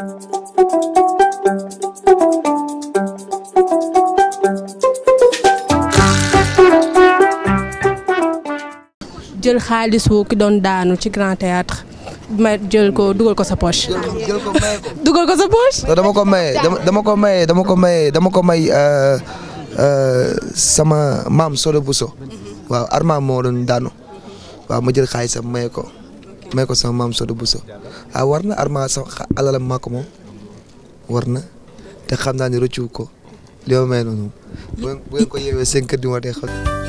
jël xaalisu ki doon daanu ci grand théâtre ma jël ko dugal ko sa poche. dugal ko sa poche. dama ko maye dama ko maye dama ko maye dama ko may euh, euh, sama maam Solo Bousso mhm. waaw Arma moo doon daanu waaw ma jël xaalisam maye ko. may ko sama maam Soda Bousso ah war na Arma sa alalam maa ko moom war na te xam naa ne rëccu ko li ma may noonu bu ngeen ko yeewee seen kër di ma xam.